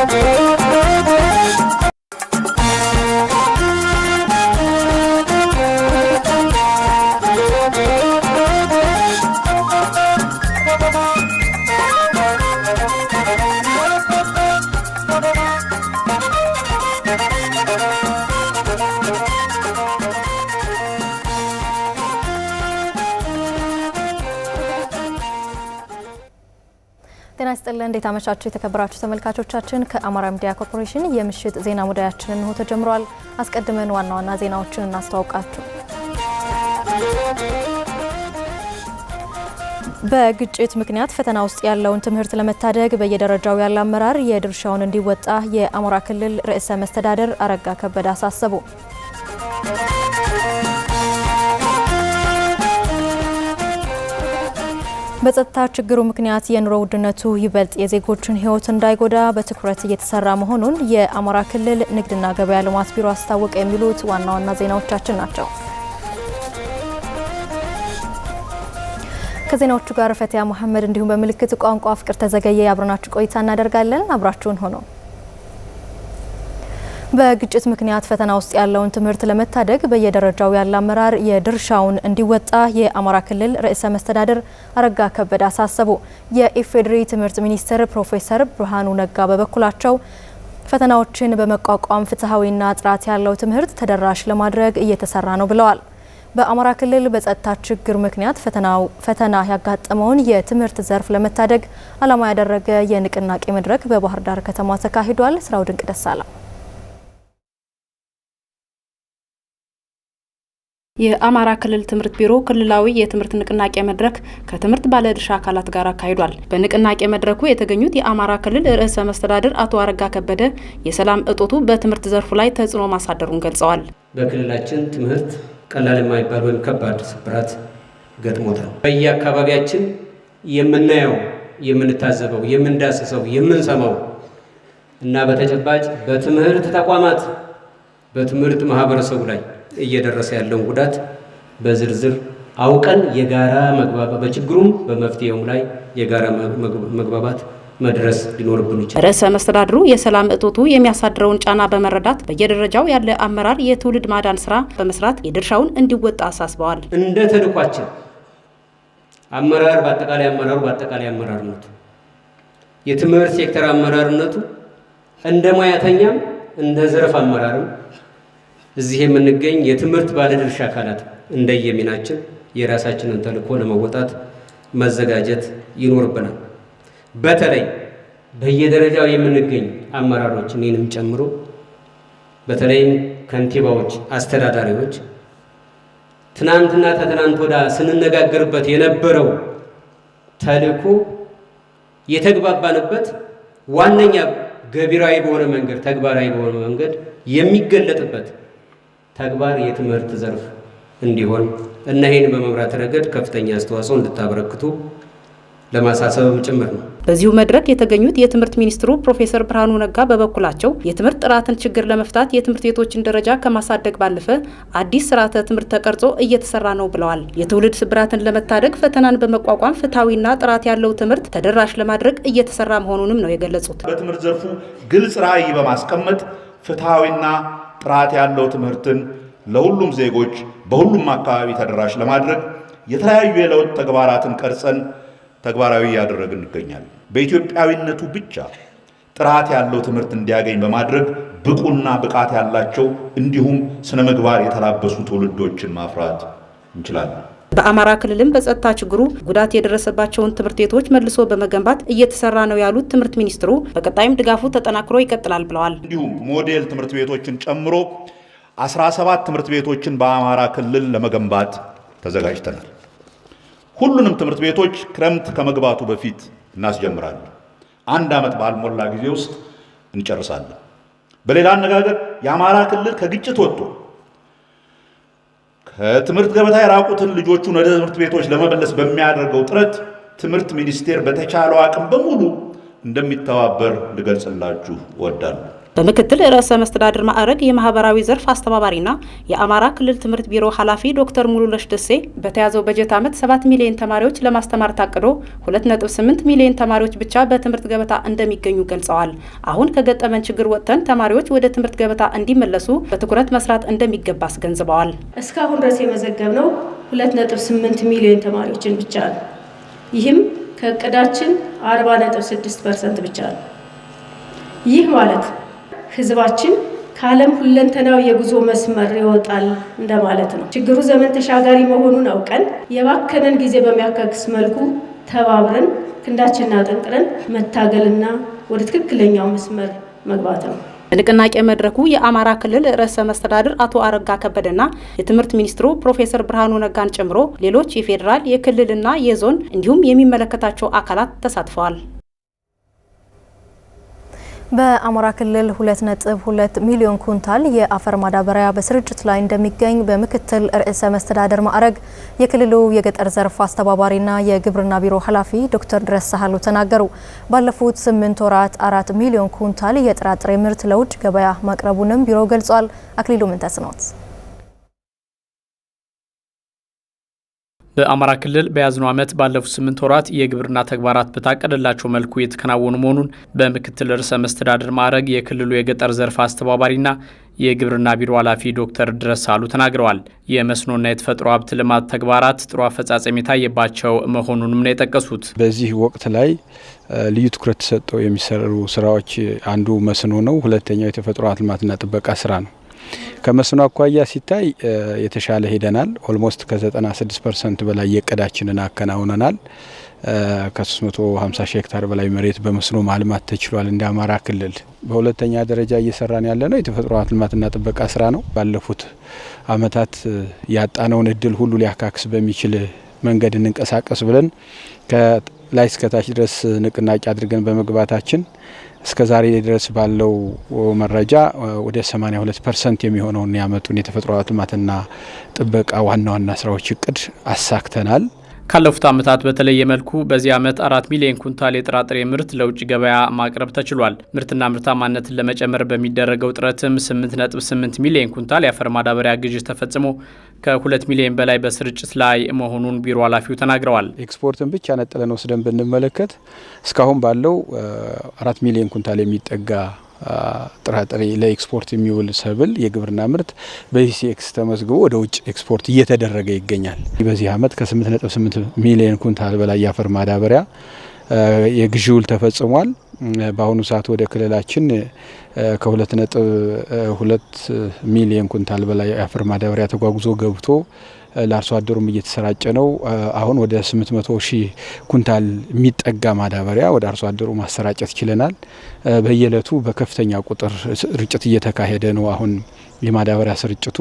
Thank you. እንዴት አመሻችሁ የተከበራችሁ ተመልካቾቻችን። ከአማራ ሚዲያ ኮርፖሬሽን የምሽት ዜና ሙዳያችን እንሆ ተጀምሯል። አስቀድመን ዋና ዋና ዜናዎችን እናስተዋውቃችሁ። በግጭት ምክንያት ፈተና ውስጥ ያለውን ትምህርት ለመታደግ በየደረጃው ያለ አመራር የድርሻውን እንዲወጣ የአማራ ክልል ርዕሰ መስተዳደር አረጋ ከበደ አሳሰቡ። በጸጥታ ችግሩ ምክንያት የኑሮ ውድነቱ ይበልጥ የዜጎችን ሕይወት እንዳይጎዳ በትኩረት እየተሰራ መሆኑን የአማራ ክልል ንግድና ገበያ ልማት ቢሮ አስታወቀ። የሚሉት ዋና ዋና ዜናዎቻችን ናቸው። ከዜናዎቹ ጋር ፈቲያ መሐመድ እንዲሁም በምልክት ቋንቋ ፍቅር ተዘገየ አብረናችሁ ቆይታ እናደርጋለን። አብራችሁን ሆነው በግጭት ምክንያት ፈተና ውስጥ ያለውን ትምህርት ለመታደግ በየደረጃው ያለ አመራር የድርሻውን እንዲወጣ የአማራ ክልል ርዕሰ መስተዳደር አረጋ ከበደ አሳሰቡ። የኢፌዴሪ ትምህርት ሚኒስትር ፕሮፌሰር ብርሃኑ ነጋ በበኩላቸው ፈተናዎችን በመቋቋም ፍትሐዊና ጥራት ያለው ትምህርት ተደራሽ ለማድረግ እየተሰራ ነው ብለዋል። በአማራ ክልል በጸጥታ ችግር ምክንያት ፈተና ያጋጠመውን የትምህርት ዘርፍ ለመታደግ ዓላማ ያደረገ የንቅናቄ መድረክ በባህር ዳር ከተማ ተካሂዷል። ስራው ድንቅ ደሳላ የአማራ ክልል ትምህርት ቢሮ ክልላዊ የትምህርት ንቅናቄ መድረክ ከትምህርት ባለድርሻ አካላት ጋር አካሂዷል። በንቅናቄ መድረኩ የተገኙት የአማራ ክልል ርዕሰ መስተዳድር አቶ አረጋ ከበደ የሰላም እጦቱ በትምህርት ዘርፉ ላይ ተጽዕኖ ማሳደሩን ገልጸዋል። በክልላችን ትምህርት ቀላል የማይባል ወይም ከባድ ስብራት ገጥሞታል። በየአካባቢያችን የምናየው፣ የምንታዘበው፣ የምንዳስሰው፣ የምንሰማው እና በተጨባጭ በትምህርት ተቋማት በትምህርት ማህበረሰቡ ላይ እየደረሰ ያለውን ጉዳት በዝርዝር አውቀን የጋራ መግባባት በችግሩም በመፍትሄውም ላይ የጋራ መግባባት መድረስ ሊኖርብን ይችላል። ርዕሰ መስተዳድሩ የሰላም እጦቱ የሚያሳድረውን ጫና በመረዳት በየደረጃው ያለ አመራር የትውልድ ማዳን ስራ በመስራት የድርሻውን እንዲወጣ አሳስበዋል። እንደ ተልኳችን አመራር በአጠቃላይ አመራሩ በአጠቃላይ አመራርነቱ የትምህርት ሴክተር አመራርነቱ እንደ ሙያተኛም እንደ ዘርፍ አመራርም እዚህ የምንገኝ የትምህርት ባለድርሻ አካላት እንደየሚናችን የራሳችንን ተልዕኮ ለመወጣት መዘጋጀት ይኖርብናል። በተለይ በየደረጃው የምንገኝ አመራሮች እኔንም ጨምሮ በተለይም ከንቲባዎች፣ አስተዳዳሪዎች ትናንትና ተትናንት ወዳ ስንነጋገርበት የነበረው ተልዕኮ የተግባባንበት ዋነኛ ገቢራዊ በሆነ መንገድ ተግባራዊ በሆነ መንገድ የሚገለጥበት ተግባር የትምህርት ዘርፍ እንዲሆን እና ይህን በመምራት ረገድ ከፍተኛ አስተዋጽኦ እንድታበረክቱ ለማሳሰብም ጭምር ነው። በዚሁ መድረክ የተገኙት የትምህርት ሚኒስትሩ ፕሮፌሰር ብርሃኑ ነጋ በበኩላቸው የትምህርት ጥራትን ችግር ለመፍታት የትምህርት ቤቶችን ደረጃ ከማሳደግ ባለፈ አዲስ ስርዓተ ትምህርት ተቀርጾ እየተሰራ ነው ብለዋል። የትውልድ ስብራትን ለመታደግ ፈተናን በመቋቋም ፍትሐዊና ጥራት ያለው ትምህርት ተደራሽ ለማድረግ እየተሰራ መሆኑንም ነው የገለጹት። በትምህርት ዘርፉ ግልጽ ራዕይ በማስቀመጥ ፍትሐዊና ጥራት ያለው ትምህርትን ለሁሉም ዜጎች በሁሉም አካባቢ ተደራሽ ለማድረግ የተለያዩ የለውጥ ተግባራትን ቀርጸን ተግባራዊ እያደረግን እንገኛለን። በኢትዮጵያዊነቱ ብቻ ጥራት ያለው ትምህርት እንዲያገኝ በማድረግ ብቁና ብቃት ያላቸው እንዲሁም ስነ ምግባር የተላበሱ ትውልዶችን ማፍራት እንችላለን። በአማራ ክልልም በጸጥታ ችግሩ ጉዳት የደረሰባቸውን ትምህርት ቤቶች መልሶ በመገንባት እየተሰራ ነው ያሉት ትምህርት ሚኒስትሩ በቀጣይም ድጋፉ ተጠናክሮ ይቀጥላል ብለዋል። እንዲሁም ሞዴል ትምህርት ቤቶችን ጨምሮ 17 ትምህርት ቤቶችን በአማራ ክልል ለመገንባት ተዘጋጅተናል። ሁሉንም ትምህርት ቤቶች ክረምት ከመግባቱ በፊት እናስጀምራለን። አንድ ዓመት ባልሞላ ጊዜ ውስጥ እንጨርሳለን። በሌላ አነጋገር የአማራ ክልል ከግጭት ወጥቶ ከትምህርት ገበታ የራቁትን ልጆቹን ወደ ትምህርት ቤቶች ለመመለስ በሚያደርገው ጥረት ትምህርት ሚኒስቴር በተቻለው አቅም በሙሉ እንደሚተባበር ልገልጽላችሁ እወዳለሁ። በምክትል ርዕሰ መስተዳድር ማዕረግ የማህበራዊ ዘርፍ አስተባባሪና የአማራ ክልል ትምህርት ቢሮ ኃላፊ ዶክተር ሙሉነሽ ደሴ በተያዘው በጀት ዓመት 7 ሚሊዮን ተማሪዎች ለማስተማር ታቅዶ 2.8 ሚሊዮን ተማሪዎች ብቻ በትምህርት ገበታ እንደሚገኙ ገልጸዋል። አሁን ከገጠመን ችግር ወጥተን ተማሪዎች ወደ ትምህርት ገበታ እንዲመለሱ በትኩረት መስራት እንደሚገባ አስገንዝበዋል። እስካሁን ድረስ የመዘገብነው 2.8 ሚሊዮን ተማሪዎችን ብቻ ነው። ይህም ከእቅዳችን 40.6 ፐርሰንት ብቻ ነው። ይህ ማለት ህዝባችን ከዓለም ሁለንተናዊ የጉዞ መስመር ይወጣል እንደማለት ነው። ችግሩ ዘመን ተሻጋሪ መሆኑን አውቀን የባከነን ጊዜ በሚያካክስ መልኩ ተባብረን ክንዳችንን አጠንቅረን መታገልና ወደ ትክክለኛው መስመር መግባት ነው። በንቅናቄ መድረኩ የአማራ ክልል ርዕሰ መስተዳድር አቶ አረጋ ከበደና የትምህርት ሚኒስትሩ ፕሮፌሰር ብርሃኑ ነጋን ጨምሮ ሌሎች የፌዴራል የክልልና የዞን እንዲሁም የሚመለከታቸው አካላት ተሳትፈዋል። በአማራ ክልል 2.2 ሚሊዮን ኩንታል የአፈር ማዳበሪያ በስርጭት ላይ እንደሚገኝ በምክትል ርዕሰ መስተዳደር ማዕረግ የክልሉ የገጠር ዘርፍ አስተባባሪና የግብርና ቢሮ ኃላፊ ዶክተር ድረስ ሳህሉ ተናገሩ። ባለፉት ስምንት ወራት አራት ሚሊዮን ኩንታል የጥራጥሬ ምርት ለውጭ ገበያ ማቅረቡንም ቢሮው ገልጿል። አክሊሉ ምንተስኖት በአማራ ክልል በያዝነው ዓመት ባለፉት ስምንት ወራት የግብርና ተግባራት በታቀደላቸው መልኩ የተከናወኑ መሆኑን በምክትል ርዕሰ መስተዳድር ማዕረግ የክልሉ የገጠር ዘርፍ አስተባባሪና የግብርና ቢሮ ኃላፊ ዶክተር ድረስ ተናግረዋል። የመስኖና የተፈጥሮ ሀብት ልማት ተግባራት ጥሩ አፈጻጸም የታየባቸው መሆኑንም ነው የጠቀሱት። በዚህ ወቅት ላይ ልዩ ትኩረት ተሰጠው የሚሰሩ ስራዎች አንዱ መስኖ ነው። ሁለተኛው የተፈጥሮ ሀብት ልማትና ጥበቃ ስራ ነው። ከመስኖ አኳያ ሲታይ የተሻለ ሄደናል። ኦልሞስት ከ96 ፐርሰንት በላይ የቀዳችንን አከናውነናል። ከ350 ሄክታር በላይ መሬት በመስኖ ማልማት ተችሏል። እንደ አማራ ክልል በሁለተኛ ደረጃ እየሰራን ያለ ነው የተፈጥሮ ሀብት ልማትና ጥበቃ ስራ ነው። ባለፉት አመታት ያጣነውን እድል ሁሉ ሊያካክስ በሚችል መንገድ እንንቀሳቀስ ብለን ላይ እስከታች ድረስ ንቅናቄ አድርገን በመግባታችን እስከ ዛሬ ድረስ ባለው መረጃ ወደ 82 ፐርሰንት የሚሆነውን ያመጡን የተፈጥሮ ልማትና ጥበቃ ዋና ዋና ስራዎች እቅድ አሳክተናል። ካለፉት ዓመታት በተለየ መልኩ በዚህ ዓመት አራት ሚሊዮን ኩንታል የጥራጥሬ ምርት ለውጭ ገበያ ማቅረብ ተችሏል። ምርትና ምርታማነትን ለመጨመር በሚደረገው ጥረትም 8.8 ሚሊዮን ኩንታል የአፈር ማዳበሪያ ግዥ ተፈጽሞ ከ2 ሚሊዮን በላይ በስርጭት ላይ መሆኑን ቢሮ ኃላፊው ተናግረዋል። ኤክስፖርትን ብቻ ነጥለን ወስደን ብንመለከት እስካሁን ባለው አራት ሚሊዮን ኩንታል የሚጠጋ ጥራጥሬ፣ ለኤክስፖርት የሚውል ሰብል፣ የግብርና ምርት በኢሲኤክስ ተመዝግቦ ወደ ውጭ ኤክስፖርት እየተደረገ ይገኛል። በዚህ ዓመት ከ8.8 ሚሊዮን ኩንታል በላይ የአፈር ማዳበሪያ የግዢ ውል ተፈጽሟል። በአሁኑ ሰዓት ወደ ክልላችን ከ2.2 ሚሊዮን ኩንታል በላይ የአፈር ማዳበሪያ ተጓጉዞ ገብቶ ለአርሶ አደሩም እየተሰራጨ ነው። አሁን ወደ 800 ሺህ ኩንታል የሚጠጋ ማዳበሪያ ወደ አርሶ አደሩ ማሰራጨት ችለናል። በየዕለቱ በከፍተኛ ቁጥር ርጭት እየተካሄደ ነው አሁን የማዳበሪያ ስርጭቱ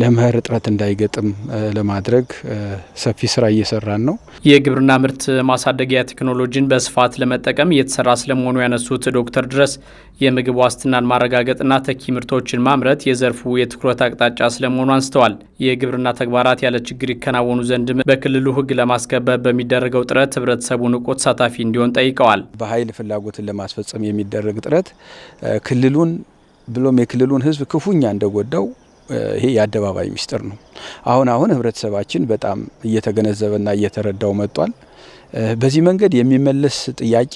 ለመኸር እጥረት እንዳይገጥም ለማድረግ ሰፊ ስራ እየሰራን ነው። የግብርና ምርት ማሳደጊያ ቴክኖሎጂን በስፋት ለመጠቀም እየተሰራ ስለመሆኑ ያነሱት ዶክተር ድረስ የምግብ ዋስትናን ማረጋገጥና ተኪ ምርቶችን ማምረት የዘርፉ የትኩረት አቅጣጫ ስለመሆኑ አንስተዋል። የግብርና ተግባራት ያለ ችግር ይከናወኑ ዘንድ በክልሉ ሕግ ለማስከበር በሚደረገው ጥረት ህብረተሰቡ ንቁ ተሳታፊ እንዲሆን ጠይቀዋል። በኃይል ፍላጎትን ለማስፈጸም የሚደረግ ጥረት ክልሉን ብሎም የክልሉን ህዝብ ክፉኛ እንደጎዳው ይሄ የአደባባይ ሚስጥር ነው። አሁን አሁን ህብረተሰባችን በጣም እየተገነዘበና እየተረዳው መጥቷል። በዚህ መንገድ የሚመለስ ጥያቄ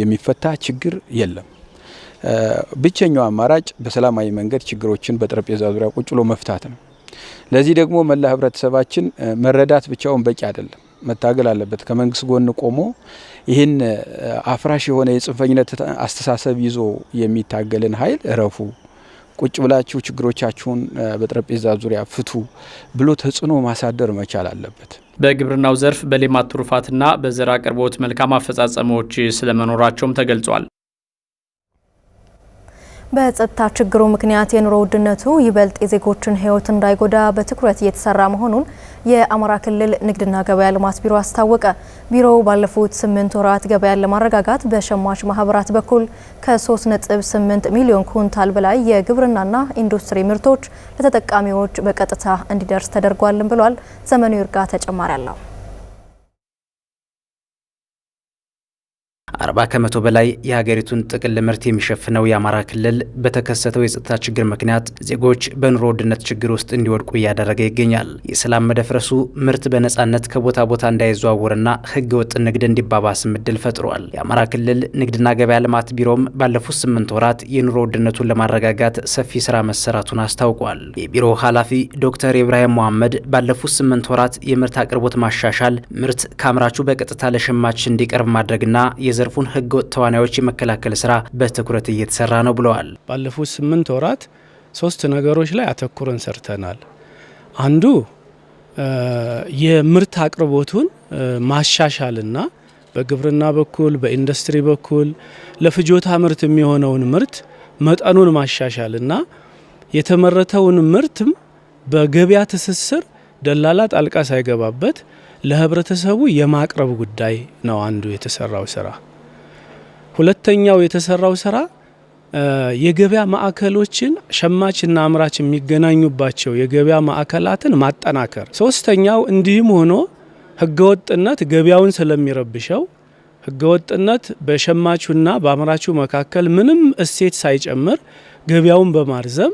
የሚፈታ ችግር የለም። ብቸኛው አማራጭ በሰላማዊ መንገድ ችግሮችን በጠረጴዛ ዙሪያ ቁጭሎ መፍታት ነው። ለዚህ ደግሞ መላ ህብረተሰባችን መረዳት ብቻውን በቂ አይደለም። መታገል አለበት። ከመንግስት ጎን ቆሞ ይህን አፍራሽ የሆነ የጽንፈኝነት አስተሳሰብ ይዞ የሚታገልን ኃይል እረፉ፣ ቁጭ ብላችሁ ችግሮቻችሁን በጠረጴዛ ዙሪያ ፍቱ ብሎ ተጽዕኖ ማሳደር መቻል አለበት። በግብርናው ዘርፍ በሌማት ትሩፋትና በዘር አቅርቦት መልካም አፈጻጸሞች ስለመኖራቸውም ተገልጿል። በጸጥታ ችግሩ ምክንያት የኑሮ ውድነቱ ይበልጥ የዜጎችን ሕይወት እንዳይጎዳ በትኩረት እየተሰራ መሆኑን የአማራ ክልል ንግድና ገበያ ልማት ቢሮ አስታወቀ። ቢሮው ባለፉት ስምንት ወራት ገበያን ለማረጋጋት በሸማች ማህበራት በኩል ከ3.8 ሚሊዮን ኩንታል በላይ የግብርናና ኢንዱስትሪ ምርቶች ለተጠቃሚዎች በቀጥታ እንዲደርስ ተደርጓልም ብሏል። ዘመኑ ይርጋ ተጨማሪ አለው። አርባ ከመቶ በላይ የሀገሪቱን ጥቅል ምርት የሚሸፍነው የአማራ ክልል በተከሰተው የጸጥታ ችግር ምክንያት ዜጎች በኑሮ ውድነት ችግር ውስጥ እንዲወድቁ እያደረገ ይገኛል። የሰላም መደፍረሱ ምርት በነጻነት ከቦታ ቦታ እንዳይዘዋወርና ህገ ወጥ ንግድ እንዲባባስ ምድል ፈጥሯል። የአማራ ክልል ንግድና ገበያ ልማት ቢሮም ባለፉት ስምንት ወራት የኑሮ ውድነቱን ለማረጋጋት ሰፊ ስራ መሰራቱን አስታውቋል። የቢሮው ኃላፊ ዶክተር ኢብራሂም መሐመድ ባለፉት ስምንት ወራት የምርት አቅርቦት ማሻሻል ምርት ከአምራቹ በቀጥታ ለሸማች እንዲቀርብ ማድረግና የዘ የዘርፉን ህገወጥ ተዋናዮች የመከላከል ስራ በትኩረት እየተሰራ ነው ብለዋል። ባለፉት ስምንት ወራት ሶስት ነገሮች ላይ አተኩረን ሰርተናል። አንዱ የምርት አቅርቦቱን ማሻሻልና በግብርና በኩል በኢንዱስትሪ በኩል ለፍጆታ ምርት የሚሆነውን ምርት መጠኑን ማሻሻልና የተመረተውን ምርትም በገበያ ትስስር ደላላ ጣልቃ ሳይገባበት ለህብረተሰቡ የማቅረብ ጉዳይ ነው አንዱ የተሰራው ስራ። ሁለተኛው የተሰራው ስራ የገበያ ማዕከሎችን ሸማችና አምራች የሚገናኙባቸው የገበያ ማዕከላትን ማጠናከር። ሶስተኛው እንዲህም ሆኖ ህገወጥነት ገበያውን ስለሚረብሸው ህገወጥነት በሸማቹና በአምራቹ መካከል ምንም እሴት ሳይጨምር ገበያውን በማርዘም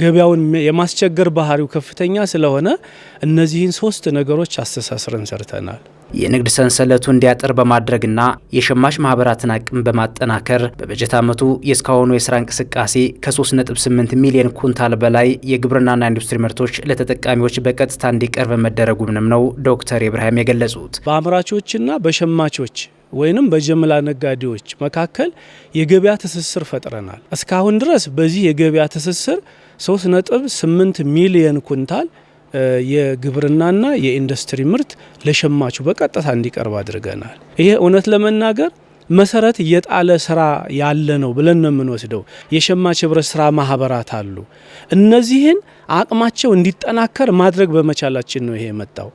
ገበያውን የማስቸገር ባህሪው ከፍተኛ ስለሆነ እነዚህን ሶስት ነገሮች አስተሳስረን ሰርተናል። የንግድ ሰንሰለቱ እንዲያጠር በማድረግና የሸማች ማህበራትን አቅም በማጠናከር በበጀት ዓመቱ የእስካሁኑ የስራ እንቅስቃሴ ከ3.8 ሚሊዮን ኩንታል በላይ የግብርናና ኢንዱስትሪ ምርቶች ለተጠቃሚዎች በቀጥታ እንዲቀርብ መደረጉንም ነው ዶክተር ኢብራሂም የገለጹት። በአምራቾችና በሸማቾች ወይንም በጀምላ ነጋዴዎች መካከል የገበያ ትስስር ፈጥረናል። እስካሁን ድረስ በዚህ የገበያ ትስስር 3.8 ሚሊየን ኩንታል የግብርናና የኢንዱስትሪ ምርት ለሸማቹ በቀጥታ እንዲቀርብ አድርገናል። ይሄ እውነት ለመናገር መሰረት የጣለ ስራ ያለ ነው ብለን ነው የምንወስደው። የሸማች ህብረት ስራ ማህበራት አሉ። እነዚህን አቅማቸው እንዲጠናከር ማድረግ በመቻላችን ነው ይሄ የመጣው።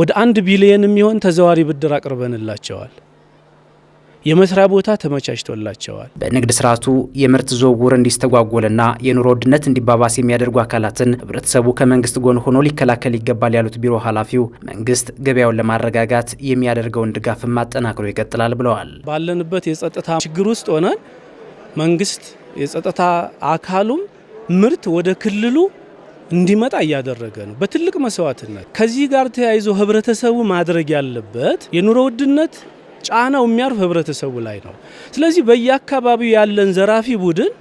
ወደ አንድ ቢሊየን የሚሆን ተዘዋሪ ብድር አቅርበንላቸዋል። የመስሪያ ቦታ ተመቻችቶላቸዋል። በንግድ ስርዓቱ የምርት ዝውውር እንዲስተጓጎልና የኑሮ ውድነት እንዲባባስ የሚያደርጉ አካላትን ህብረተሰቡ ከመንግስት ጎን ሆኖ ሊከላከል ይገባል ያሉት ቢሮ ኃላፊው መንግስት ገበያውን ለማረጋጋት የሚያደርገውን ድጋፍም አጠናክሮ ይቀጥላል ብለዋል። ባለንበት የጸጥታ ችግር ውስጥ ሆነን መንግስት የጸጥታ አካሉም ምርት ወደ ክልሉ እንዲመጣ እያደረገ ነው፣ በትልቅ መስዋዕትነት። ከዚህ ጋር ተያይዞ ህብረተሰቡ ማድረግ ያለበት የኑሮ ውድነት ጫናው የሚያርፍ ህብረተሰቡ ላይ ነው። ስለዚህ በየአካባቢው ያለን ዘራፊ ቡድን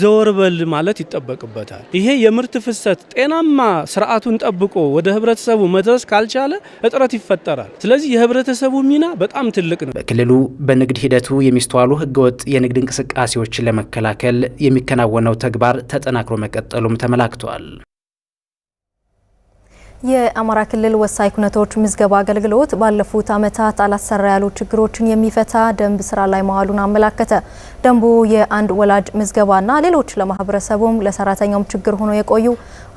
ዘወርበል ማለት ይጠበቅበታል። ይሄ የምርት ፍሰት ጤናማ ስርዓቱን ጠብቆ ወደ ህብረተሰቡ መድረስ ካልቻለ እጥረት ይፈጠራል። ስለዚህ የህብረተሰቡ ሚና በጣም ትልቅ ነው። በክልሉ በንግድ ሂደቱ የሚስተዋሉ ህገወጥ የንግድ እንቅስቃሴዎችን ለመከላከል የሚከናወነው ተግባር ተጠናክሮ መቀጠሉም ተመላክቷል። የአማራ ክልል ወሳኝ ኩነቶች ምዝገባ አገልግሎት ባለፉት ዓመታት አላሰራ ያሉ ችግሮችን የሚፈታ ደንብ ስራ ላይ መዋሉን አመላከተ። ደንቡ የአንድ ወላጅ ምዝገባና ሌሎች ለማህበረሰቡም ለሰራተኛውም ችግር ሆኖ የቆዩ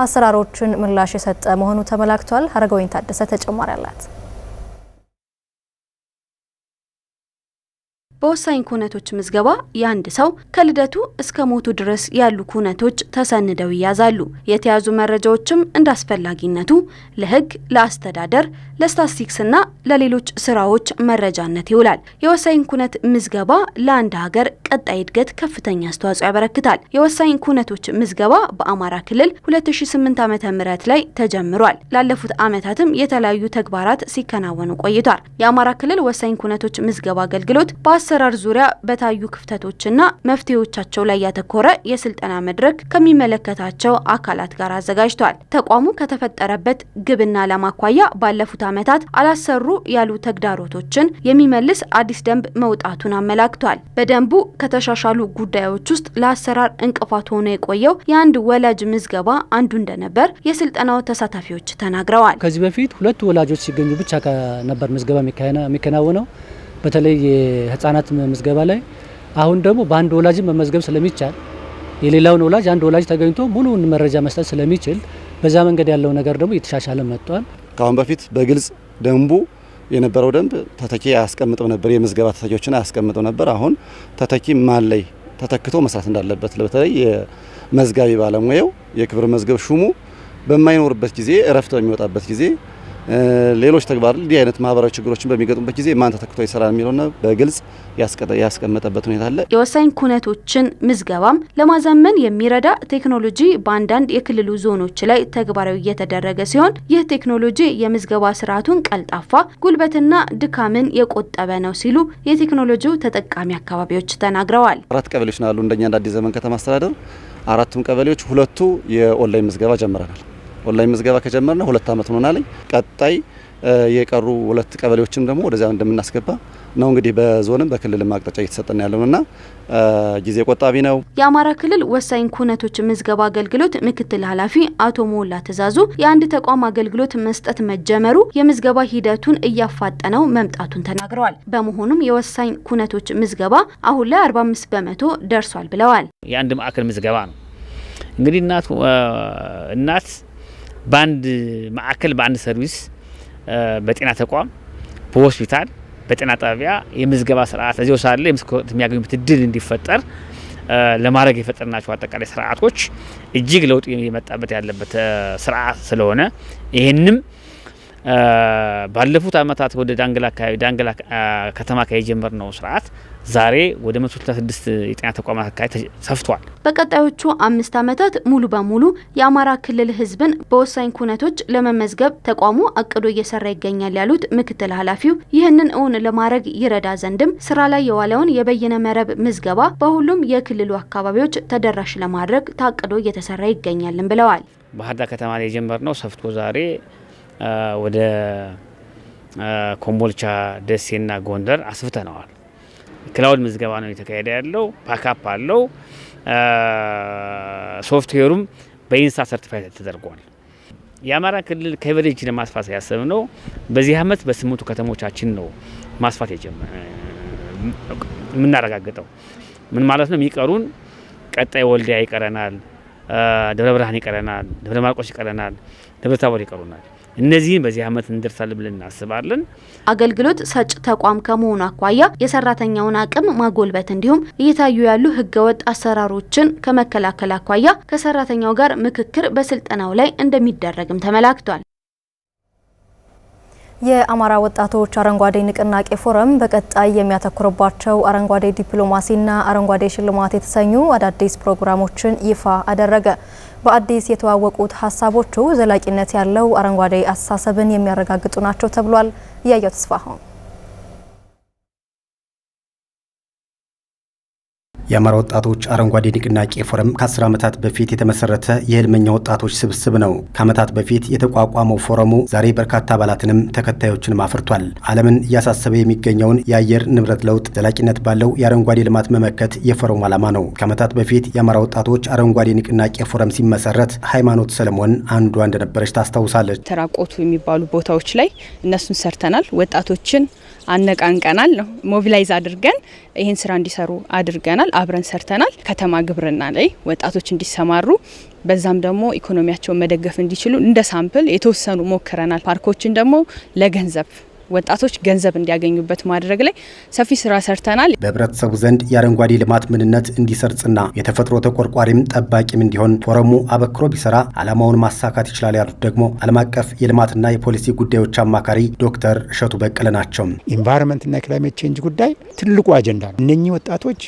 አሰራሮችን ምላሽ የሰጠ መሆኑ ተመላክቷል። ሀረገወይን ታደሰ ተጨማሪ አላት። በወሳኝ ኩነቶች ምዝገባ የአንድ ሰው ከልደቱ እስከ ሞቱ ድረስ ያሉ ኩነቶች ተሰንደው ይያዛሉ። የተያዙ መረጃዎችም እንደ አስፈላጊነቱ ለሕግ፣ ለአስተዳደር፣ ለስታስቲክስና ለሌሎች ስራዎች መረጃነት ይውላል። የወሳኝ ኩነት ምዝገባ ለአንድ ሀገር ቀጣይ እድገት ከፍተኛ አስተዋጽኦ ያበረክታል። የወሳኝ ኩነቶች ምዝገባ በአማራ ክልል 2008 ም ላይ ተጀምሯል። ላለፉት ዓመታትም የተለያዩ ተግባራት ሲከናወኑ ቆይቷል። የአማራ ክልል ወሳኝ ኩነቶች ምዝገባ አገልግሎት በ 10 አሰራር ዙሪያ በታዩ ክፍተቶችና መፍትሄዎቻቸው ላይ ያተኮረ የስልጠና መድረክ ከሚመለከታቸው አካላት ጋር አዘጋጅቷል። ተቋሙ ከተፈጠረበት ግብና ዓላማ አኳያ ባለፉት ዓመታት አላሰሩ ያሉ ተግዳሮቶችን የሚመልስ አዲስ ደንብ መውጣቱን አመላክቷል። በደንቡ ከተሻሻሉ ጉዳዮች ውስጥ ለአሰራር እንቅፋት ሆኖ የቆየው የአንድ ወላጅ ምዝገባ አንዱ እንደነበር የስልጠናው ተሳታፊዎች ተናግረዋል። ከዚህ በፊት ሁለቱ ወላጆች ሲገኙ ብቻ ነበር ምዝገባ የሚከናወነው። በተለይ የህፃናት ምዝገባ ላይ አሁን ደግሞ በአንድ ወላጅ መመዝገብ ስለሚቻል የሌላውን ወላጅ አንድ ወላጅ ተገኝቶ ሙሉውን መረጃ መስጠት ስለሚችል በዛ መንገድ ያለው ነገር ደግሞ እየተሻሻለ መጥቷል። ከአሁን በፊት በግልጽ ደንቡ የነበረው ደንብ ተተኪ አያስቀምጥም ነበር፣ የምዝገባ ተተኪዎችን አያስቀምጥም ነበር። አሁን ተተኪ ማን ላይ ተተክቶ መስራት እንዳለበት በተለይ የመዝጋቢ ባለሙያው የክብር መዝገብ ሹሙ በማይኖርበት ጊዜ እረፍት በሚወጣበት ጊዜ ሌሎች ተግባር እንዲህ አይነት ማህበራዊ ችግሮችን በሚገጥሙበት ጊዜ ማን ተተክቶ ይሰራል ነው በግልጽ ያስቀመጠበት ሁኔታ አለ። የወሳኝ ኩነቶችን ምዝገባም ለማዘመን የሚረዳ ቴክኖሎጂ በአንዳንድ የክልሉ ዞኖች ላይ ተግባራዊ እየተደረገ ሲሆን ይህ ቴክኖሎጂ የምዝገባ ስርዓቱን ቀልጣፋ፣ ጉልበትና ድካምን የቆጠበ ነው ሲሉ የቴክኖሎጂው ተጠቃሚ አካባቢዎች ተናግረዋል። አራት ቀበሌዎች ናሉ እንደኛ እንደ አዲስ ዘመን ከተማ አስተዳደር አራቱም ቀበሌዎች ሁለቱ የኦንላይን ምዝገባ ጀምረናል። ኦንላይን ምዝገባ ከጀመርነ ሁለት ዓመት ሆኖናለኝ። ቀጣይ የቀሩ ሁለት ቀበሌዎችም ደግሞ ወደዚያ እንደምናስገባ ነው እንግዲህ በዞንም በክልልም አቅጣጫ እየተሰጠን ያለውና ጊዜ ቆጣቢ ነው። የአማራ ክልል ወሳኝ ኩነቶች ምዝገባ አገልግሎት ምክትል ኃላፊ አቶ ሞላ ትእዛዙ የአንድ ተቋም አገልግሎት መስጠት መጀመሩ የምዝገባ ሂደቱን እያፋጠነው መምጣቱን ተናግረዋል። በመሆኑም የወሳኝ ኩነቶች ምዝገባ አሁን ላይ 45 በመቶ ደርሷል ብለዋል። የአንድ ማዕከል ምዝገባ ነው እንግዲህ እናት እናት በአንድ ማዕከል በአንድ ሰርቪስ በጤና ተቋም በሆስፒታል በጤና ጣቢያ የምዝገባ ስርዓት እዚሁ ሳለ የምስክርነት የሚያገኙበት እድል እንዲፈጠር ለማድረግ የፈጠርናቸው አጠቃላይ ስርዓቶች እጅግ ለውጥ የመጣበት ያለበት ስርዓት ስለሆነ ይህንም ባለፉት አመታት ወደ ዳንግላ አካባቢ ዳንግላ ከተማ የጀመርነው ስርዓት ዛሬ ወደ 166 የጤና ተቋማት አካባቢ ሰፍቷል። በቀጣዮቹ አምስት ዓመታት ሙሉ በሙሉ የአማራ ክልል ህዝብን በወሳኝ ኩነቶች ለመመዝገብ ተቋሙ አቅዶ እየሰራ ይገኛል ያሉት ምክትል ኃላፊው ይህንን እውን ለማድረግ ይረዳ ዘንድም ስራ ላይ የዋለውን የበይነ መረብ ምዝገባ በሁሉም የክልሉ አካባቢዎች ተደራሽ ለማድረግ ታቅዶ እየተሰራ ይገኛልን ብለዋል። ባህር ዳር ከተማ ላይ የጀመርነው ሰፍቶ ዛሬ ወደ ኮምቦልቻ፣ ደሴና ጎንደር አስፍተነዋል። ክላውድ ምዝገባ ነው የተካሄደ ያለው። ፓካፕ አለው። ሶፍትዌሩም በኢንሳ ሰርቲፋይ ተደርጓል። የአማራ ክልል ከቨሬጅ ለማስፋት ያሰብ ነው። በዚህ አመት በስምንቱ ከተሞቻችን ነው ማስፋት የምናረጋግጠው። ምን ማለት ነው? የሚቀሩን ቀጣይ ወልዲያ ይቀረናል፣ ደብረ ብርሃን ይቀረናል፣ ደብረ ማርቆስ ይቀረናል፣ ደብረ ታቦር ይቀሩናል። እነዚህን በዚህ አመት እንደርሳለን ብለን እናስባለን። አገልግሎት ሰጭ ተቋም ከመሆኑ አኳያ የሰራተኛውን አቅም ማጎልበት እንዲሁም እየታዩ ያሉ ህገወጥ አሰራሮችን ከመከላከል አኳያ ከሰራተኛው ጋር ምክክር በስልጠናው ላይ እንደሚደረግም ተመላክቷል። የአማራ ወጣቶች አረንጓዴ ንቅናቄ ፎረም በቀጣይ የሚያተኩርባቸው አረንጓዴ ዲፕሎማሲና አረንጓዴ ሽልማት የተሰኙ አዳዲስ ፕሮግራሞችን ይፋ አደረገ። በአዲስ የተዋወቁት ሀሳቦቹ ዘላቂነት ያለው አረንጓዴ አስተሳሰብን የሚያረጋግጡ ናቸው ተብሏል። እያየው ተስፋ የአማራ ወጣቶች አረንጓዴ ንቅናቄ ፎረም ከ ዓመታት በፊት የተመሰረተ የህልመኛ ወጣቶች ስብስብ ነው። ከዓመታት በፊት የተቋቋመው ፎረሙ ዛሬ በርካታ አባላትንም ተከታዮችንም አፍርቷል። ዓለምን እያሳሰበ የሚገኘውን የአየር ንብረት ለውጥ ዘላቂነት ባለው የአረንጓዴ ልማት መመከት የፎረሙ ዓላማ ነው። ከዓመታት በፊት የአማራ ወጣቶች አረንጓዴ ንቅናቄ ፎረም ሲመሰረት ሃይማኖት ሰለሞን አንዷ እንደነበረች ታስታውሳለች። ተራቆቱ የሚባሉ ቦታዎች ላይ እነሱን ሰርተናል። ወጣቶችን አነቃንቀናል ሞቢላይዝ አድርገን ይህን ስራ እንዲሰሩ አድርገናል። አብረን ሰርተናል። ከተማ ግብርና ላይ ወጣቶች እንዲሰማሩ በዛም ደግሞ ኢኮኖሚያቸውን መደገፍ እንዲችሉ እንደ ሳምፕል የተወሰኑ ሞክረናል። ፓርኮችን ደግሞ ለገንዘብ ወጣቶች ገንዘብ እንዲያገኙበት ማድረግ ላይ ሰፊ ስራ ሰርተናል። በህብረተሰቡ ዘንድ የአረንጓዴ ልማት ምንነት እንዲሰርጽና የተፈጥሮ ተቆርቋሪም ጠባቂም እንዲሆን ፎረሙ አበክሮ ቢሰራ አላማውን ማሳካት ይችላል ያሉት ደግሞ ዓለም አቀፍ የልማትና የፖሊሲ ጉዳዮች አማካሪ ዶክተር እሸቱ በቀለ ናቸው። ኢንቫይሮንመንትና ክላይሜት ቼንጅ ጉዳይ ትልቁ አጀንዳ ነው። እነኚህ ወጣቶች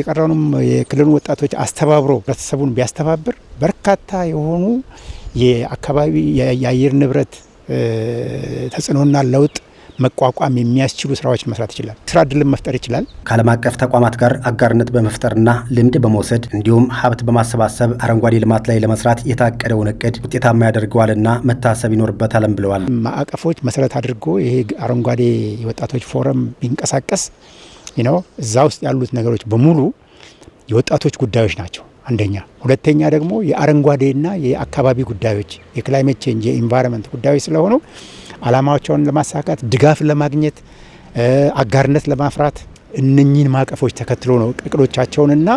የቀረኑም የክልሉን ወጣቶች አስተባብሮ ህብረተሰቡን ቢያስተባብር በርካታ የሆኑ የአካባቢ የአየር ንብረት ተጽዕኖና ለውጥ መቋቋም የሚያስችሉ ስራዎችን መስራት ይችላል። ስራ እድልን መፍጠር ይችላል። ከዓለም አቀፍ ተቋማት ጋር አጋርነት በመፍጠርና ልምድ በመውሰድ እንዲሁም ሀብት በማሰባሰብ አረንጓዴ ልማት ላይ ለመስራት የታቀደውን እቅድ ውጤታማ ያደርገዋልና መታሰብ ይኖርበታልም ብለዋል። ማዕቀፎች መሰረት አድርጎ ይሄ አረንጓዴ የወጣቶች ፎረም ቢንቀሳቀስ ነው እዛ ውስጥ ያሉት ነገሮች በሙሉ የወጣቶች ጉዳዮች ናቸው። አንደኛ። ሁለተኛ ደግሞ የአረንጓዴና የአካባቢ ጉዳዮች የክላይሜት ቼንጅ የኢንቫይሮንመንት ጉዳዮች ስለሆኑ አላማቸውን ለማሳካት ድጋፍ ለማግኘት አጋርነት ለማፍራት እነኚህን ማዕቀፎች ተከትሎ ነው እቅዶቻቸውንና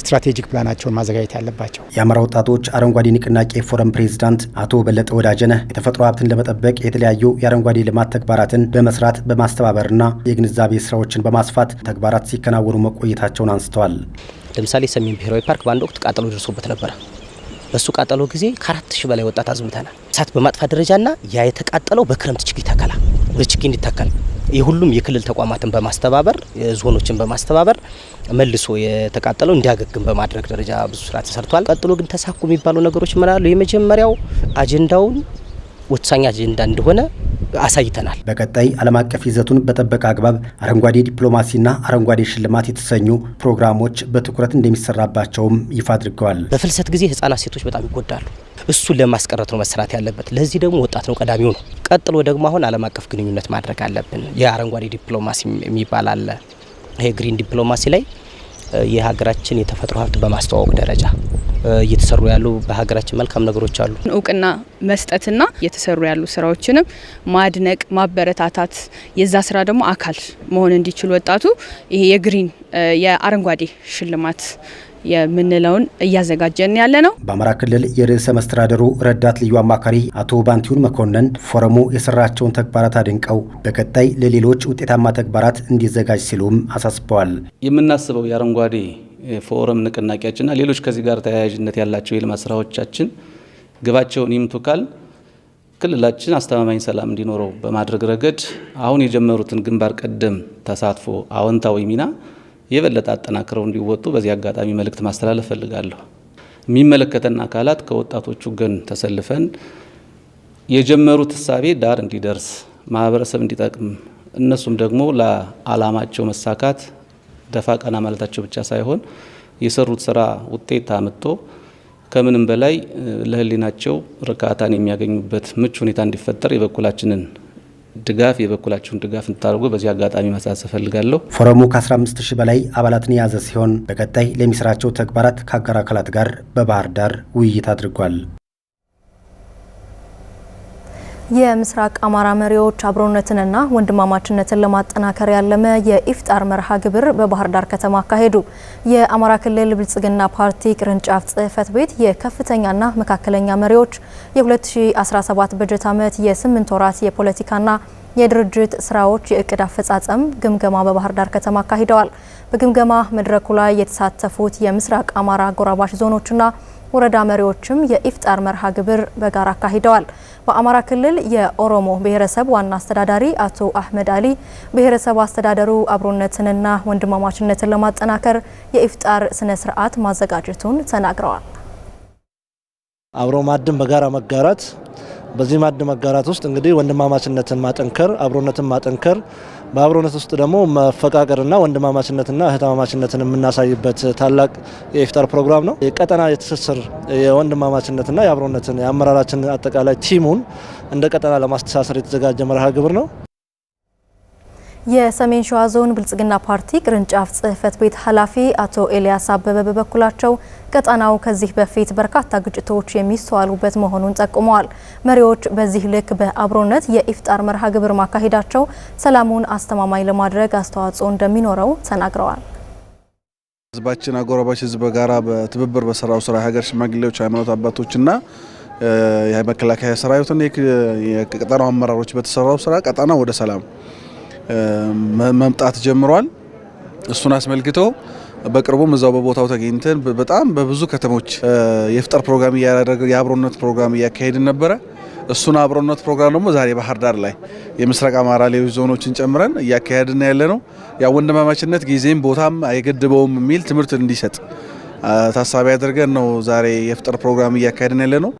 ስትራቴጂክ ፕላናቸውን ማዘጋጀት ያለባቸው። የአማራ ወጣቶች አረንጓዴ ንቅናቄ ፎረም ፕሬዚዳንት አቶ በለጠ ወዳጀነህ የተፈጥሮ ሀብትን ለመጠበቅ የተለያዩ የአረንጓዴ ልማት ተግባራትን በመስራት በማስተባበርና የግንዛቤ ስራዎችን በማስፋት ተግባራት ሲከናወኑ መቆየታቸውን አንስተዋል። ለምሳሌ ሰሜን ብሔራዊ ፓርክ በአንድ ወቅት ቃጠሎ ደርሶበት ነበረ። በሱ ቃጠሎ ጊዜ ከአራት ሺህ በላይ ወጣት አዝምተናል። እሳት በማጥፋት ደረጃና ያ የተቃጠለው በክረምት ችግኝ ተከላ ወደ ችግኝ እንዲተከል የሁሉም የክልል ተቋማትን በማስተባበር ዞኖችን በማስተባበር መልሶ የተቃጠለው እንዲያገግም በማድረግ ደረጃ ብዙ ስራ ተሰርቷል። ቀጥሎ ግን ተሳኩ የሚባሉ ነገሮች ምናሉ? የመጀመሪያው አጀንዳውን ወሳኝ አጀንዳ እንደሆነ አሳይተናል። በቀጣይ ዓለም አቀፍ ይዘቱን በጠበቀ አግባብ አረንጓዴ ዲፕሎማሲና አረንጓዴ ሽልማት የተሰኙ ፕሮግራሞች በትኩረት እንደሚሰራባቸውም ይፋ አድርገዋል። በፍልሰት ጊዜ ህጻናት፣ ሴቶች በጣም ይጎዳሉ። እሱን ለማስቀረት ነው መሰራት ያለበት። ለዚህ ደግሞ ወጣት ነው ቀዳሚው ነው። ቀጥሎ ደግሞ አሁን ዓለም አቀፍ ግንኙነት ማድረግ አለብን። የአረንጓዴ ዲፕሎማሲ የሚባል አለ። ይሄ ግሪን ዲፕሎማሲ ላይ የሀገራችን የተፈጥሮ ሀብት በማስተዋወቅ ደረጃ እየተሰሩ ያሉ በሀገራችን መልካም ነገሮች አሉ። እውቅና መስጠትና እየተሰሩ ያሉ ስራዎችንም ማድነቅ፣ ማበረታታት የዛ ስራ ደግሞ አካል መሆን እንዲችል ወጣቱ ይሄ የግሪን የአረንጓዴ ሽልማት የምንለውን እያዘጋጀን ያለ ነው። በአማራ ክልል የርዕሰ መስተዳደሩ ረዳት ልዩ አማካሪ አቶ ባንቲሁን መኮንን ፎረሙ የሰራቸውን ተግባራት አድንቀው በቀጣይ ለሌሎች ውጤታማ ተግባራት እንዲዘጋጅ ሲሉም አሳስበዋል። የምናስበው የአረንጓዴ ፎረም ንቅናቄያችንና ሌሎች ከዚህ ጋር ተያያዥነት ያላቸው የልማት ስራዎቻችን ግባቸውን ይምቱ ካል ክልላችን አስተማማኝ ሰላም እንዲኖረው በማድረግ ረገድ አሁን የጀመሩትን ግንባር ቀደም ተሳትፎ አዎንታዊ ሚና የበለጠ አጠናክረው እንዲወጡ በዚህ አጋጣሚ መልእክት ማስተላለፍ ፈልጋለሁ። የሚመለከተን አካላት ከወጣቶቹ ግን ተሰልፈን የጀመሩት እሳቤ ዳር እንዲደርስ ማህበረሰብ እንዲጠቅም እነሱም ደግሞ ለዓላማቸው መሳካት ደፋ ቀና ማለታቸው ብቻ ሳይሆን የሰሩት ስራ ውጤት አምጥቶ ከምንም በላይ ለህሊናቸው ርካታን የሚያገኙበት ምቹ ሁኔታ እንዲፈጠር የበኩላችንን ድጋፍ የበኩላችሁን ድጋፍ እንድታደርጉ በዚህ አጋጣሚ ማሳሰብ እፈልጋለሁ። ፎረሙ ከ15 ሺህ በላይ አባላትን የያዘ ሲሆን በቀጣይ ለሚሰራቸው ተግባራት ከአጋር አካላት ጋር በባህር ዳር ውይይት አድርጓል። የምስራቅ አማራ መሪዎች አብሮነትንና ወንድማማችነትን ለማጠናከር ያለመ የኢፍጣር መርሃ ግብር በባህር ዳር ከተማ አካሄዱ። የአማራ ክልል ብልጽግና ፓርቲ ቅርንጫፍ ጽህፈት ቤት የከፍተኛና መካከለኛ መሪዎች የ2017 በጀት ዓመት የስምንት ወራት የፖለቲካና የድርጅት ስራዎች የእቅድ አፈጻጸም ግምገማ በባህር ዳር ከተማ አካሂደዋል። በግምገማ መድረኩ ላይ የተሳተፉት የምስራቅ አማራ አጎራባሽ ዞኖችና ወረዳ መሪዎችም የኢፍጣር መርሃ ግብር በጋራ አካሂደዋል። በአማራ ክልል የኦሮሞ ብሔረሰብ ዋና አስተዳዳሪ አቶ አህመድ አሊ ብሔረሰብ አስተዳደሩ አብሮነትንና ወንድማማችነትን ለማጠናከር የኢፍጣር ስነ ስርዓት ማዘጋጀቱን ተናግረዋል። አብሮ ማዕድን በጋራ መጋራት በዚህ ማዕድ መጋራት ውስጥ እንግዲህ ወንድማማችነትን ማጠንከር፣ አብሮነትን ማጠንከር፣ በአብሮነት ውስጥ ደግሞ መፈቃቀርና ወንድማማችነትና እህታማማችነትን የምናሳይበት ታላቅ የኢፍጣር ፕሮግራም ነው። የቀጠና የትስስር የወንድማማችነትና የአብሮነትን የአመራራችን አጠቃላይ ቲሙን እንደ ቀጠና ለማስተሳሰር የተዘጋጀ መርሃ ግብር ነው። የሰሜን ሸዋ ዞን ብልጽግና ፓርቲ ቅርንጫፍ ጽህፈት ቤት ኃላፊ አቶ ኤልያስ አበበ በበኩላቸው ቀጠናው ከዚህ በፊት በርካታ ግጭቶች የሚስተዋሉበት መሆኑን ጠቁመዋል። መሪዎች በዚህ ልክ በአብሮነት የኢፍጣር መርሃ ግብር ማካሄዳቸው ሰላሙን አስተማማኝ ለማድረግ አስተዋጽኦ እንደሚኖረው ተናግረዋል። ህዝባችን አጎራባች ህዝብ በጋራ በትብብር በሰራው ስራ የሀገር ሽማግሌዎች፣ ሃይማኖት አባቶችና የመከላከያ ሰራዊትና የቀጠናው አመራሮች በተሰራው ስራ ቀጠናው ወደ ሰላም መምጣት ጀምሯል። እሱን አስመልክቶ በቅርቡም እዛው በቦታው ተገኝተን በጣም በብዙ ከተሞች የፍጠር ፕሮግራም እያደረገ የአብሮነት ፕሮግራም እያካሄድን ነበረ። እሱን አብሮነት ፕሮግራም ደግሞ ዛሬ ባህር ዳር ላይ የምስራቅ አማራ ሌሎች ዞኖችን ጨምረን እያካሄድን ያለ ነው። ያ ወንድማማችነት ጊዜም ቦታም አይገድበውም የሚል ትምህርት እንዲሰጥ ታሳቢ አድርገን ነው ዛሬ የፍጠር ፕሮግራም እያካሄድን ያለ ነው።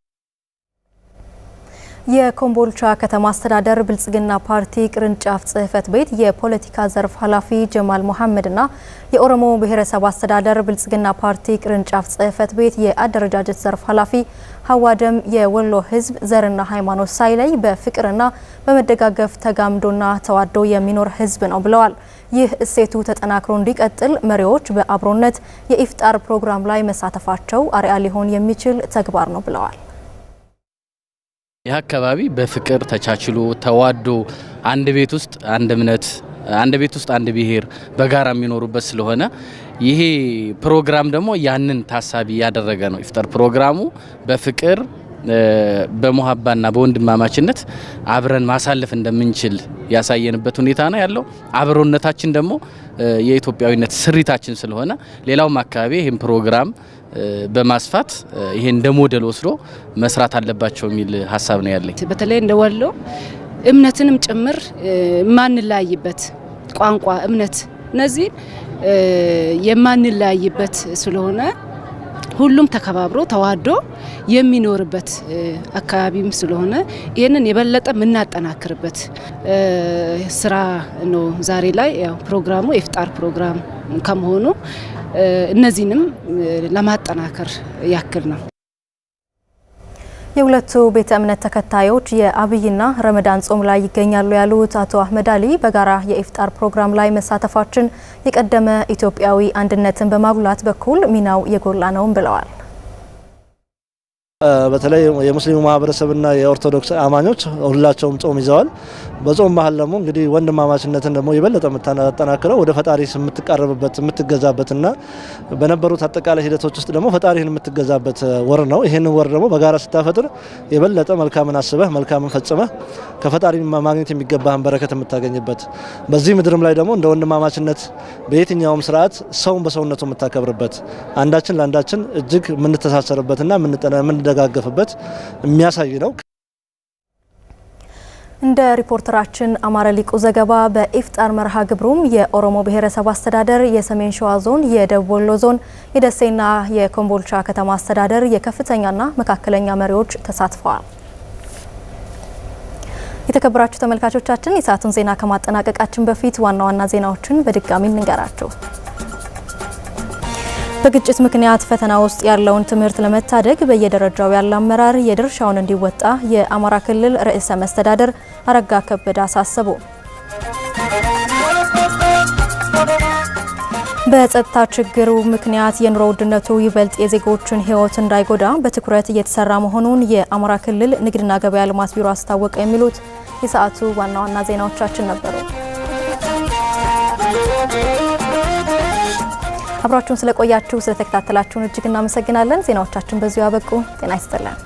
የኮምቦልቻ ከተማ አስተዳደር ብልጽግና ፓርቲ ቅርንጫፍ ጽህፈት ቤት የፖለቲካ ዘርፍ ኃላፊ ጀማል መሐመድና የኦሮሞ ብሔረሰብ አስተዳደር ብልጽግና ፓርቲ ቅርንጫፍ ጽህፈት ቤት የአደረጃጀት ዘርፍ ኃላፊ ሀዋደም የወሎ ሕዝብ ዘርና ሃይማኖት ሳይለይ በፍቅርና በመደጋገፍ ተጋምዶና ተዋዶ የሚኖር ህዝብ ነው ብለዋል። ይህ እሴቱ ተጠናክሮ እንዲቀጥል መሪዎች በአብሮነት የኢፍጣር ፕሮግራም ላይ መሳተፋቸው አርአያ ሊሆን የሚችል ተግባር ነው ብለዋል። ይህ አካባቢ በፍቅር ተቻችሎ ተዋዶ አንድ ቤት ውስጥ አንድ እምነት አንድ ቤት ውስጥ አንድ ብሔር በጋራ የሚኖሩበት ስለሆነ ይሄ ፕሮግራም ደግሞ ያንን ታሳቢ ያደረገ ነው። ኢፍጣር ፕሮግራሙ በፍቅር በሞሀባና በወንድማማችነት አብረን ማሳለፍ እንደምንችል ያሳየንበት ሁኔታ ነው ያለው። አብሮነታችን ደግሞ የኢትዮጵያዊነት ስሪታችን ስለሆነ ሌላውም አካባቢ ይህም ፕሮግራም በማስፋት ይሄ እንደ ሞዴል ወስዶ መስራት አለባቸው የሚል ሀሳብ ነው ያለኝ። በተለይ እንደ ወሎ እምነትንም ጭምር የማንለያይበት ቋንቋ፣ እምነት እነዚህ የማንለያይበት ስለሆነ ሁሉም ተከባብሮ ተዋዶ የሚኖርበት አካባቢም ስለሆነ ይህንን የበለጠ የምናጠናክርበት ስራ ነው። ዛሬ ላይ ያው ፕሮግራሙ የፍጣር ፕሮግራም ከመሆኑ እነዚህንም ለማጠናከር ያክል ነው። የሁለቱ ቤተ እምነት ተከታዮች የአብይና ረመዳን ጾም ላይ ይገኛሉ ያሉት አቶ አህመድ አሊ በጋራ የኢፍጣር ፕሮግራም ላይ መሳተፋችን የቀደመ ኢትዮጵያዊ አንድነትን በማጉላት በኩል ሚናው የጎላ ነውም ብለዋል። በተለይ የሙስሊሙ ማህበረሰብና የኦርቶዶክስ አማኞች ሁላቸውም ጾም ይዘዋል። በጾም መሀል ደግሞ እንግዲህ ወንድማማችነትን ደግሞ የበለጠ የምታጠናክረው ወደ ፈጣሪ የምትቃረብበት የምትገዛበትና በነበሩት አጠቃላይ ሂደቶች ውስጥ ደግሞ ፈጣሪህን የምትገዛበት ወር ነው። ይህንን ወር ደግሞ በጋራ ስታፈጥር የበለጠ መልካምን አስበህ መልካምን ፈጽመህ ከፈጣሪ ማግኘት የሚገባህን በረከት የምታገኝበት፣ በዚህ ምድርም ላይ ደግሞ እንደ ወንድማማችነት በየትኛውም ስርዓት ሰውን በሰውነቱ የምታከብርበት፣ አንዳችን ለአንዳችን እጅግ የምንተሳሰርበትና የምንደጋገፍበት የሚያሳይ ነው። እንደ ሪፖርተራችን አማረ ሊቁ ዘገባ በኢፍጣር መርሃ ግብሩም የኦሮሞ ብሔረሰብ አስተዳደር፣ የሰሜን ሸዋ ዞን፣ የደቡብ ወሎ ዞን፣ የደሴና የኮምቦልቻ ከተማ አስተዳደር የከፍተኛና መካከለኛ መሪዎች ተሳትፈዋል። የተከበራችሁ ተመልካቾቻችን የሰዓቱን ዜና ከማጠናቀቃችን በፊት ዋና ዋና ዜናዎችን በድጋሚ እንንገራችሁ። በግጭት ምክንያት ፈተና ውስጥ ያለውን ትምህርት ለመታደግ በየደረጃው ያለ አመራር የድርሻውን እንዲወጣ የአማራ ክልል ርዕሰ መስተዳደር አረጋ ከበደ አሳሰቡ። በጸጥታ ችግሩ ምክንያት የኑሮ ውድነቱ ይበልጥ የዜጎችን ሕይወት እንዳይጎዳ በትኩረት እየተሰራ መሆኑን የአማራ ክልል ንግድና ገበያ ልማት ቢሮ አስታወቀ። የሚሉት የሰዓቱ ዋና ዋና ዜናዎቻችን ነበሩ። አብራችሁን ስለቆያችሁ ስለተከታተላችሁን እጅግ እናመሰግናለን። ዜናዎቻችን በዚሁ ያበቁ። ጤና ይስጥልን።